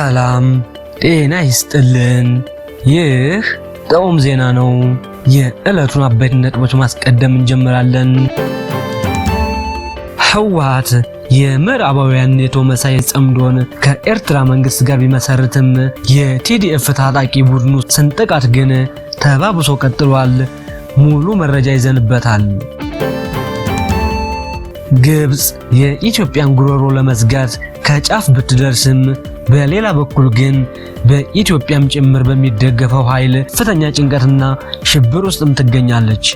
ሰላም ጤና ይስጥልን። ይህ ጣዕም ዜና ነው። የዕለቱን አበይት ነጥቦች ማስቀደም እንጀምራለን። ህወሓት የምዕራባውያን ኔቶ መሳይ ጽምዶን ከኤርትራ መንግስት ጋር ቢመሰርትም የቲዲኤፍ ታጣቂ ቡድኑ ስንጥቃት ግን ተባብሶ ቀጥሏል። ሙሉ መረጃ ይዘንበታል። ግብፅ የኢትዮጵያን ጉሮሮ ለመዝጋት ከጫፍ ብትደርስም በሌላ በኩል ግን በኢትዮጵያም ጭምር በሚደገፈው ኃይል ከፍተኛ ጭንቀትና ሽብር ውስጥም ትገኛለች።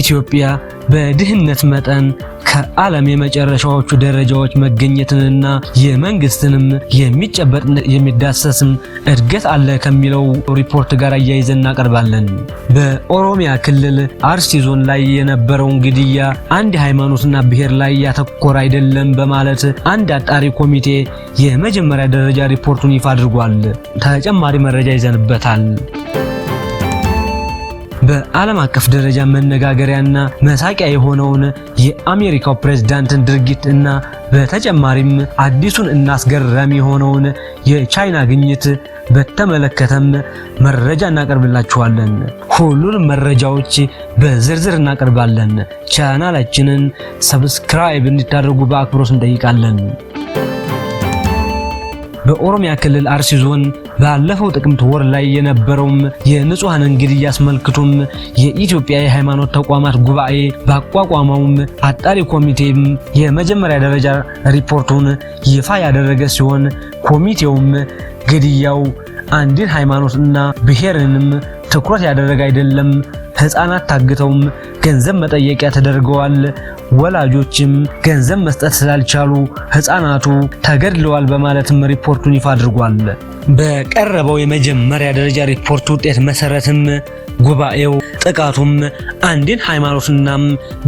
ኢትዮጵያ በድህነት መጠን ከዓለም የመጨረሻዎቹ ደረጃዎች መገኘትንና የመንግስትንም የሚጨበጥ የሚዳሰስም እድገት አለ ከሚለው ሪፖርት ጋር አያይዘን እናቀርባለን። በኦሮሚያ ክልል አርሲ ዞን ላይ የነበረውን ግድያ አንድ ሃይማኖትና ብሔር ላይ ያተኮረ አይደለም በማለት አንድ አጣሪ ኮሚቴ የመጀመሪያ ደረጃ ሪፖርቱን ይፋ አድርጓል። ተጨማሪ መረጃ ይዘንበታል። በዓለም አቀፍ ደረጃ መነጋገሪያና መሳቂያ የሆነውን የአሜሪካው ፕሬዝዳንትን ድርጊት እና በተጨማሪም አዲሱን እናስገረም የሆነውን የቻይና ግኝት በተመለከተም መረጃ እናቀርብላችኋለን። ሁሉንም መረጃዎች በዝርዝር እናቀርባለን። ቻናላችንን ሰብስክራይብ እንድታደርጉ በአክብሮት እንጠይቃለን። በኦሮሚያ ክልል አርሲ ዞን ባለፈው ጥቅምት ወር ላይ የነበረውም የንጹሐንን እንግዲህ ያስመልክቱም የኢትዮጵያ የሃይማኖት ተቋማት ጉባኤ ባቋቋመውም አጣሪ ኮሚቴም የመጀመሪያ ደረጃ ሪፖርቱን ይፋ ያደረገ ሲሆን ኮሚቴውም ግድያው አንድን ሃይማኖት እና ብሔርንም ትኩረት ያደረገ አይደለም ህፃናት ታግተውም ገንዘብ መጠየቂያ ተደርገዋል። ወላጆችም ገንዘብ መስጠት ስላልቻሉ ህፃናቱ ተገድለዋል በማለትም ሪፖርቱን ይፋ አድርጓል። በቀረበው የመጀመሪያ ደረጃ ሪፖርት ውጤት መሰረትም ጉባኤው ጥቃቱም አንድን ሃይማኖትናም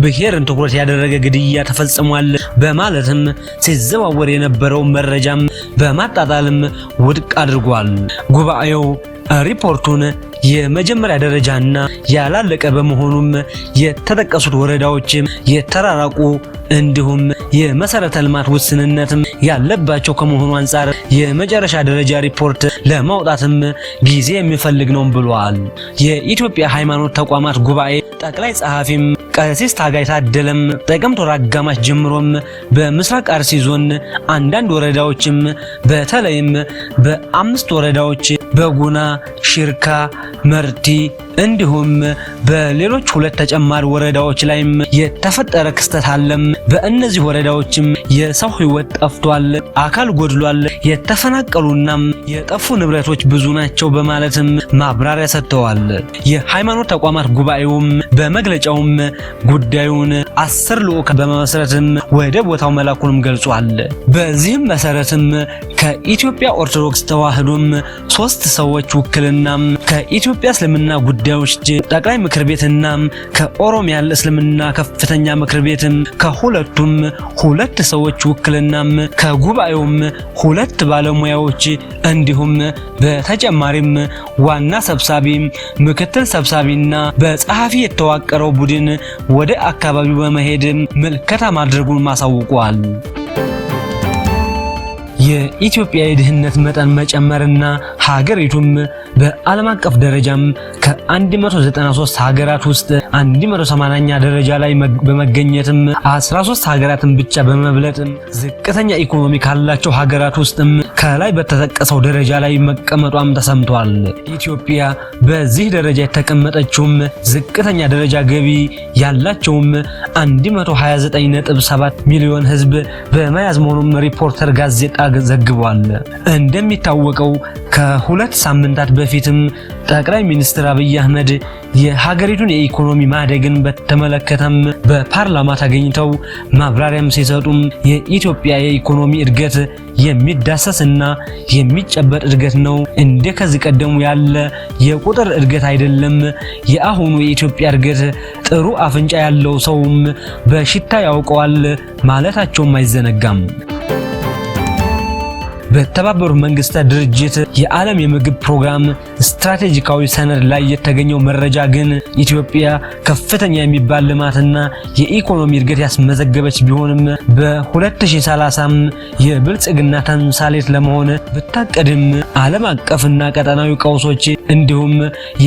ብሔርን ትኩረት ያደረገ ግድያ ተፈጽሟል በማለትም ሲዘዋወር የነበረው መረጃም በማጣጣልም ውድቅ አድርጓል። ጉባኤው ሪፖርቱን የመጀመሪያ ደረጃና ያላለቀ በመሆኑም የተጠቀሱት ወረዳዎች የተራራቁ እንዲሁም የመሰረተ ልማት ውስንነትም ያለባቸው ከመሆኑ አንጻር የመጨረሻ ደረጃ ሪፖርት ለማውጣትም ጊዜ የሚፈልግ ነው ብሏል። የኢትዮጵያ ሃይማኖት ተቋማት ጉባኤ ጠቅላይ ጸሐፊም ቀሲስ ታጋይ ታደለም ጥቅምት ወር አጋማሽ ጀምሮም በምስራቅ አርሲ ዞን አንዳንድ ወረዳዎችም በተለይም በአምስት ወረዳዎች በጉና፣ ሽርካ፣ መርቲ እንዲሁም በሌሎች ሁለት ተጨማሪ ወረዳዎች ላይም የተፈጠረ ክስተት አለም። በእነዚህ ወረዳዎችም የሰው ህይወት ጠፍቷል፣ አካል ጎድሏል፣ የተፈናቀሉና የጠፉ ንብረቶች ብዙ ናቸው በማለትም ማብራሪያ ሰጥተዋል። የሃይማኖት ተቋማት ጉባኤውም በመግለጫውም ጉዳዩን አስር ልዑካን በመመስረትም ወደ ቦታው መላኩንም ገልጿል። በዚህም መሰረትም ከኢትዮጵያ ኦርቶዶክስ ተዋህዶም ሶስት ሰዎች ውክልናም ከኢትዮጵያ እስልምና ጉዳዮች ጠቅላይ ምክር ቤትና ከኦሮሚያ እስልምና ከፍተኛ ምክር ቤትም ከሁለቱም ሁለት ሰዎች ውክልናም ከጉባኤውም ሁለት ባለሙያዎች እንዲሁም በተጨማሪም ዋና ሰብሳቢ፣ ምክትል ሰብሳቢና በጸሐፊ የተዋ የተዋቀረው ቡድን ወደ አካባቢው በመሄድ ምልከታ ማድረጉን ማሳውቋል። የኢትዮጵያ የድህነት መጠን መጨመርና ሀገሪቱም በዓለም አቀፍ ደረጃም ከ193 ሀገራት ውስጥ 180ኛ ደረጃ ላይ በመገኘትም 13 ሀገራትን ብቻ በመብለጥ ዝቅተኛ ኢኮኖሚ ካላቸው ሀገራት ውስጥም ከላይ በተጠቀሰው ደረጃ ላይ መቀመጧም ተሰምቷል። ኢትዮጵያ በዚህ ደረጃ የተቀመጠችውም ዝቅተኛ ደረጃ ገቢ ያላቸውም 129.7 ሚሊዮን ሕዝብ በመያዝ መሆኑም ሪፖርተር ጋዜጣ ዘግቧል። እንደሚታወቀው ከሁለት ሳምንታት በፊትም ጠቅላይ ሚኒስትር አብይ አህመድ የሀገሪቱን የኢኮኖሚ ማደግን በተመለከተም በፓርላማ ተገኝተው ማብራሪያም ሲሰጡም የኢትዮጵያ የኢኮኖሚ እድገት የሚዳሰስ የሚታይና የሚጨበጥ እድገት ነው። እንደ ከዚህ ቀደሙ ያለ የቁጥር እድገት አይደለም። የአሁኑ የኢትዮጵያ እድገት ጥሩ አፍንጫ ያለው ሰውም በሽታ ያውቀዋል ማለታቸውም አይዘነጋም። በተባበሩት መንግስታት ድርጅት የዓለም የምግብ ፕሮግራም ስትራቴጂካዊ ሰነድ ላይ የተገኘው መረጃ ግን ኢትዮጵያ ከፍተኛ የሚባል ልማትና የኢኮኖሚ እድገት ያስመዘገበች ቢሆንም በ2030 የብልጽግና ተምሳሌት ለመሆን ብታቀድም ዓለም አቀፍና ቀጠናዊ ቀውሶች እንዲሁም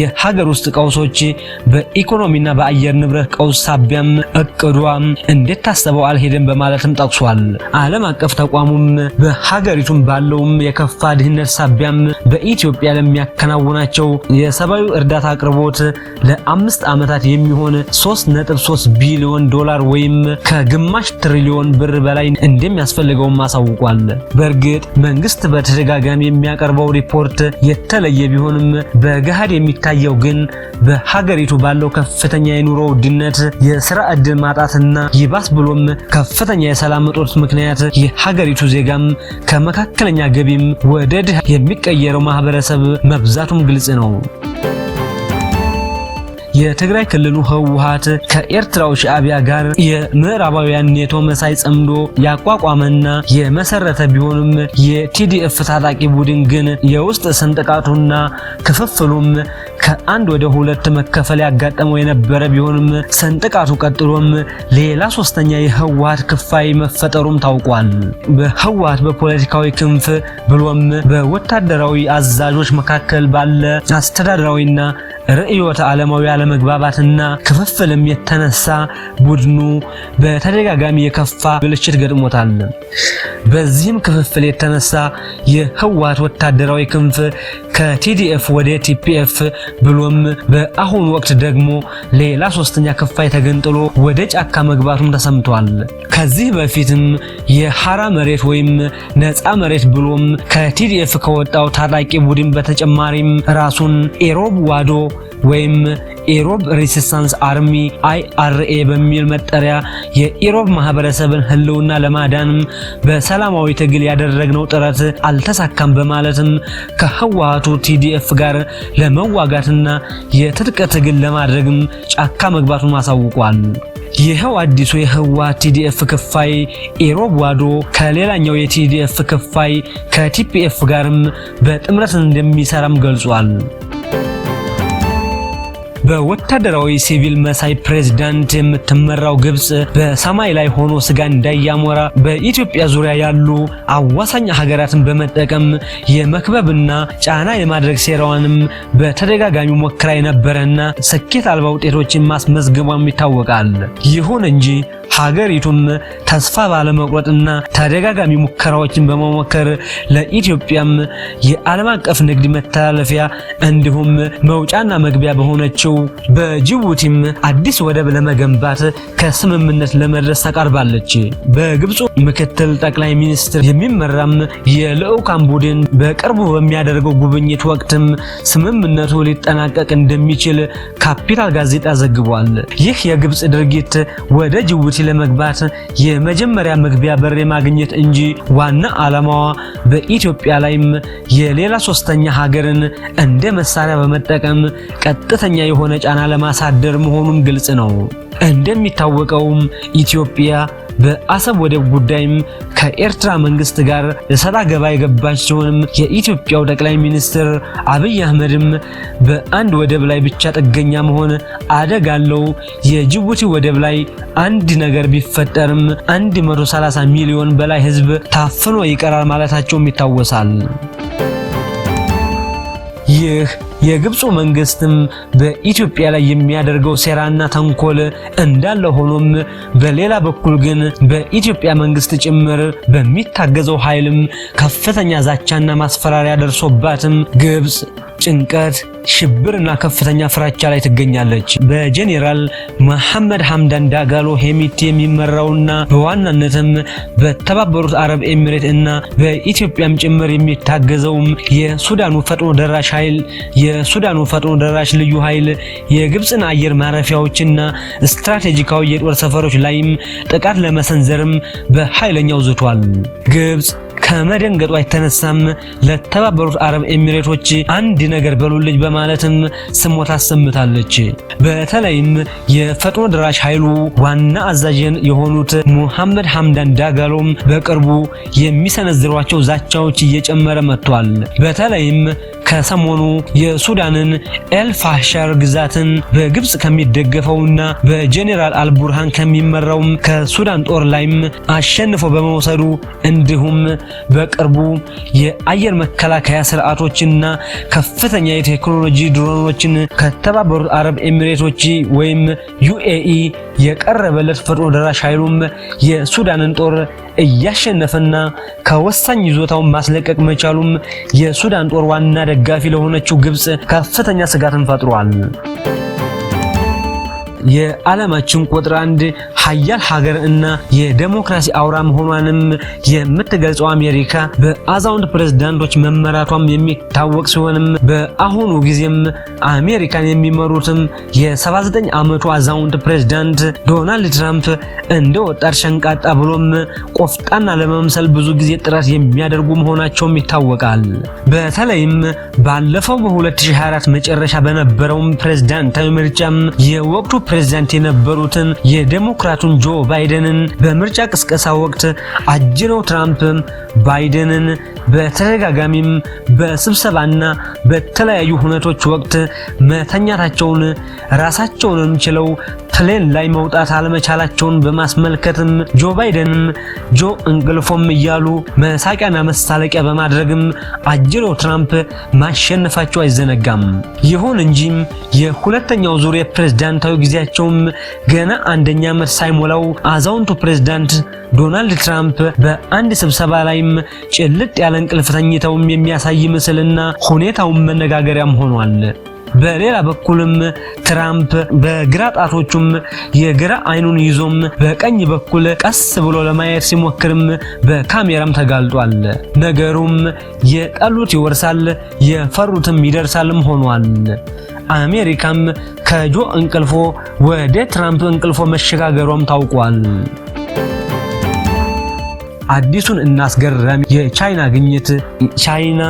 የሀገር ውስጥ ቀውሶች በኢኮኖሚና በአየር ንብረት ቀውስ ሳቢያም እቅዷ እንዴት ታሰበው አልሄደም በማለትም ጠቅሷል። ዓለም አቀፍ ተቋሙም በሀገሪቱም ባለውም የከፋ ድህነት ሳቢያም በኢትዮጵያ ለሚያከናው ባከናወናቸው የሰብአዊ እርዳታ አቅርቦት ለአምስት ዓመታት የሚሆን 3.3 ቢሊዮን ዶላር ወይም ከግማሽ ትሪሊዮን ብር በላይ እንደሚያስፈልገውም አሳውቋል። በእርግጥ መንግስት በተደጋጋሚ የሚያቀርበው ሪፖርት የተለየ ቢሆንም በገሃድ የሚታየው ግን በሀገሪቱ ባለው ከፍተኛ የኑሮ ውድነት፣ የስራ ዕድል ማጣትና ይባስ ብሎም ከፍተኛ የሰላም እጦት ምክንያት የሀገሪቱ ዜጋም ከመካከለኛ ገቢም ወደ ድሃ የሚቀየረው ማህበረሰብ መብዛቱ ምክንያቱም ግልጽ ነው። የትግራይ ክልሉ ህወሓት ከኤርትራው ሻዕቢያ ጋር የምዕራባውያን ኔቶ መሳይ ጸምዶ ያቋቋመና የመሰረተ ቢሆንም የቲዲኤፍ ታጣቂ ቡድን ግን የውስጥ ስንጥቃቱና ክፍፍሉም ከአንድ ወደ ሁለት መከፈል ያጋጠመው የነበረ ቢሆንም ሰንጥቃቱ ቀጥሎም ሌላ ሶስተኛ የህወሓት ክፋይ መፈጠሩም ታውቋል። በህወሓት በፖለቲካዊ ክንፍ ብሎም በወታደራዊ አዛዦች መካከል ባለ አስተዳደራዊና ርዕዮተ ዓለማዊ አለመግባባትና ክፍፍልም የተነሳ ቡድኑ በተደጋጋሚ የከፋ ብልሽት ገጥሞታል። በዚህም ክፍፍል የተነሳ የህወሓት ወታደራዊ ክንፍ ከቲዲኤፍ ወደ ቲፒኤፍ ብሎም በአሁኑ ወቅት ደግሞ ሌላ ሶስተኛ ክፋይ ተገንጥሎ ወደ ጫካ መግባቱም ተሰምቷል። ከዚህ በፊትም የሐራ መሬት ወይም ነፃ መሬት ብሎም ከቲዲኤፍ ከወጣው ታጣቂ ቡድን በተጨማሪም ራሱን ኤሮብ ዋዶ ወይም ኢሮብ ሬሲስታንስ አርሚ አይአርኤ በሚል መጠሪያ የኢሮብ ማህበረሰብን ህልውና ለማዳንም በሰላማዊ ትግል ያደረግነው ጥረት አልተሳካም በማለትም ከህወሓቱ ቲዲኤፍ ጋር ለመዋጋትና የትጥቅ ትግል ለማድረግም ጫካ መግባቱን አሳውቋል። ይኸው አዲሱ የህወሓት ቲዲኤፍ ክፋይ ኢሮብ ዋዶ ከሌላኛው የቲዲኤፍ ክፋይ ከቲፒኤፍ ጋርም በጥምረት እንደሚሰራም ገልጿል። በወታደራዊ ሲቪል መሳይ ፕሬዝዳንት የምትመራው ግብጽ በሰማይ ላይ ሆኖ ስጋ እንዳያሞራ በኢትዮጵያ ዙሪያ ያሉ አዋሳኝ ሀገራትን በመጠቀም የመክበብና ጫና የማድረግ ሴራዋንም በተደጋጋሚ ሞክራ የነበረና ስኬት አልባ ውጤቶችን ማስመዝገቧም ይታወቃል። ይሁን እንጂ ሀገሪቱም ተስፋ ባለመቁረጥና ተደጋጋሚ ሙከራዎችን በመሞከር ለኢትዮጵያም የዓለም አቀፍ ንግድ መተላለፊያ እንዲሁም መውጫና መግቢያ በሆነችው ነው። በጅቡቲም አዲስ ወደብ ለመገንባት ከስምምነት ለመድረስ ተቃርባለች። በግብፁ ምክትል ጠቅላይ ሚኒስትር የሚመራም የልዑካን ቡድን በቅርቡ በሚያደርገው ጉብኝት ወቅትም ስምምነቱ ሊጠናቀቅ እንደሚችል ካፒታል ጋዜጣ ዘግቧል። ይህ የግብፅ ድርጊት ወደ ጅቡቲ ለመግባት የመጀመሪያ መግቢያ በር የማግኘት እንጂ ዋና ዓላማዋ በኢትዮጵያ ላይም የሌላ ሶስተኛ ሀገርን እንደ መሳሪያ በመጠቀም ቀጥተኛ የሆነ የሆነ ጫና ለማሳደር መሆኑም ግልጽ ነው። እንደሚታወቀውም ኢትዮጵያ በአሰብ ወደብ ጉዳይም ከኤርትራ መንግስት ጋር ለሰላ ገባ የገባች ሲሆንም የኢትዮጵያው ጠቅላይ ሚኒስትር አብይ አህመድም በአንድ ወደብ ላይ ብቻ ጥገኛ መሆን አደጋለው፣ አለው፣ የጅቡቲ ወደብ ላይ አንድ ነገር ቢፈጠርም 130 ሚሊዮን በላይ ህዝብ ታፍኖ ይቀራል ማለታቸውም ይታወሳል። ይህ የግብፁ መንግስትም በኢትዮጵያ ላይ የሚያደርገው ሴራና ተንኮል እንዳለ ሆኖም በሌላ በኩል ግን በኢትዮጵያ መንግስት ጭምር በሚታገዘው ኃይልም ከፍተኛ ዛቻና ማስፈራሪያ ደርሶባትም ግብፅ ጭንቀት ሽብር እና ከፍተኛ ፍራቻ ላይ ትገኛለች። በጄኔራል መሐመድ ሐምዳን ዳጋሎ ሄሚቲ የሚመራውና በዋናነትም በተባበሩት አረብ ኤሚሬት እና በኢትዮጵያም ጭምር የሚታገዘውም የሱዳኑ ፈጥኖ ደራሽ ኃይል የሱዳኑ ፈጥኖ ደራሽ ልዩ ኃይል የግብፅን አየር ማረፊያዎችና ስትራቴጂካዊ የጦር ሰፈሮች ላይም ጥቃት ለመሰንዘርም በኃይለኛው ዝቷል። ግብፅ ከመደንገጧ የተነሳም ለተባበሩት አረብ ኤሚሬቶች አንድ ነገር በሉልጅ በማለትም ስሞታ አሰምታለች። በተለይም የፈጥኖ ድራሽ ኃይሉ ዋና አዛዥን የሆኑት ሙሐመድ ሐምዳን ዳጋሎም በቅርቡ የሚሰነዝሯቸው ዛቻዎች እየጨመረ መጥቷል። በተለይም ከሰሞኑ የሱዳንን ኤልፋሸር ግዛትን በግብጽ ከሚደገፈውና በጄኔራል አልቡርሃን ከሚመራውም ከሱዳን ጦር ላይም አሸንፎ በመውሰዱ እንዲሁም በቅርቡ የአየር መከላከያ ስርዓቶችና ከፍተኛ የቴክኖሎጂ ድሮኖችን ከተባበሩት አረብ ኤሚሬቶች ወይም ዩኤኢ የቀረበለት ፈጥኖ ደራሽ ኃይሉም የሱዳንን ጦር እያሸነፈና ከወሳኝ ይዞታውን ማስለቀቅ መቻሉም የሱዳን ጦር ዋና ደጋፊ ለሆነችው ግብጽ ከፍተኛ ስጋትን ፈጥሯል። የዓለማችን ቁጥር አንድ ሀያል ሀገር እና የዴሞክራሲ አውራ መሆኗንም የምትገልጸው አሜሪካ በአዛውንት ፕሬዝዳንቶች መመራቷም የሚታወቅ ሲሆንም በአሁኑ ጊዜም አሜሪካን የሚመሩትም የ79 ዓመቱ አዛውንት ፕሬዝዳንት ዶናልድ ትራምፕ እንደ ወጣት ሸንቃጣ ብሎም ቆፍጣና ለመምሰል ብዙ ጊዜ ጥረት የሚያደርጉ መሆናቸውም ይታወቃል። በተለይም ባለፈው በ2024 መጨረሻ በነበረውም ፕሬዝዳንታዊ ምርጫም የወቅቱ ፕሬዝዳንት የነበሩትን የዴሞክራቱን ጆ ባይደንን በምርጫ ቅስቀሳ ወቅት አጅነው ትራምፕ ባይደንን በተደጋጋሚም በስብሰባና በተለያዩ ሁነቶች ወቅት መተኛታቸውን ራሳቸውንም ችለው ፕሌን ላይ መውጣት አለመቻላቸውን በማስመልከትም ጆ ባይደንም ጆ እንቅልፎም እያሉ መሳቂያና መሳለቂያ በማድረግም አጅነው ትራምፕ ማሸነፋቸው አይዘነጋም። ይሁን እንጂም የሁለተኛው ዙር የፕሬዝዳንታዊ ጊዜ ጊዜያቸውም ገና አንደኛ ዓመት ሳይሞላው አዛውንቱ ፕሬዝዳንት ዶናልድ ትራምፕ በአንድ ስብሰባ ላይም ጭልጥ ያለ እንቅልፍ ተኝተውም የሚያሳይ ምስልና ሁኔታውን መነጋገሪያም ሆኗል። በሌላ በኩልም ትራምፕ በግራ ጣቶቹም የግራ አይኑን ይዞም በቀኝ በኩል ቀስ ብሎ ለማየት ሲሞክርም በካሜራም ተጋልጧል። ነገሩም የጠሉት ይወርሳል፣ የፈሩትም ይደርሳልም ሆኗል። አሜሪካም ከጆ እንቅልፎ ወደ ትራምፕ እንቅልፎ መሸጋገሯም ታውቋል። አዲሱን እናስገረም የቻይና ግኝት ቻይና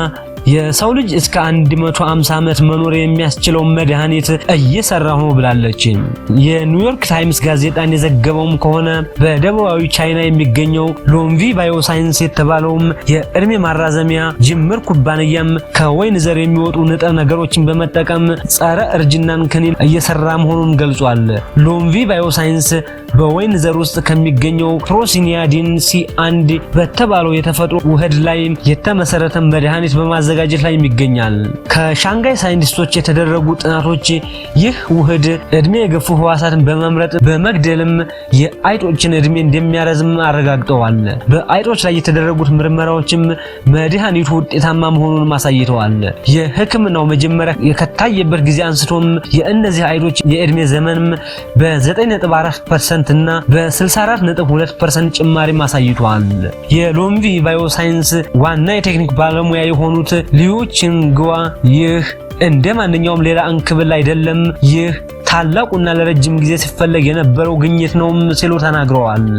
የሰው ልጅ እስከ 150 ዓመት መኖር የሚያስችለው መድኃኒት እየሰራ ነው ብላለች። የኒውዮርክ ታይምስ ጋዜጣን የዘገበውም ከሆነ በደቡባዊ ቻይና የሚገኘው ሎንቪ ባዮሳይንስ የተባለውም የእድሜ ማራዘሚያ ጅምር ኩባንያም ከወይን ዘር የሚወጡ ንጥረ ነገሮችን በመጠቀም ጸረ እርጅናን ክኒን እየሰራ መሆኑን ገልጿል። ሎንቪ ባዮሳይንስ በወይን ዘር ውስጥ ከሚገኘው ፕሮሲኒያዲን ሲ አንድ በተባለው የተፈጥሮ ውህድ ላይ የተመሰረተ መድኃኒት በማዘ በማዘጋጀት ላይ ይገኛል። ከሻንጋይ ሳይንቲስቶች የተደረጉ ጥናቶች ይህ ውህድ እድሜ የገፉ ህዋሳትን በመምረጥ በመግደልም የአይጦችን እድሜ እንደሚያረዝም አረጋግጠዋል። በአይጦች ላይ የተደረጉት ምርመራዎችም መድኃኒቱ ውጤታማ መሆኑን አሳይተዋል። የህክምናው መጀመሪያ የከታየበት ጊዜ አንስቶም የእነዚህ አይጦች የእድሜ ዘመንም በ9.4% እና በ64.2% ጭማሪ አሳይተዋል። የሎምቪ ባዮሳይንስ ዋና የቴክኒክ ባለሙያ የሆኑት ሊዩ ቺንግዋ ይህ እንደ ማንኛውም ሌላ እንክብል አይደለም፣ ይህ ታላቁና ለረጅም ጊዜ ሲፈለግ የነበረው ግኝት ነው ሲሉ ተናግረዋል።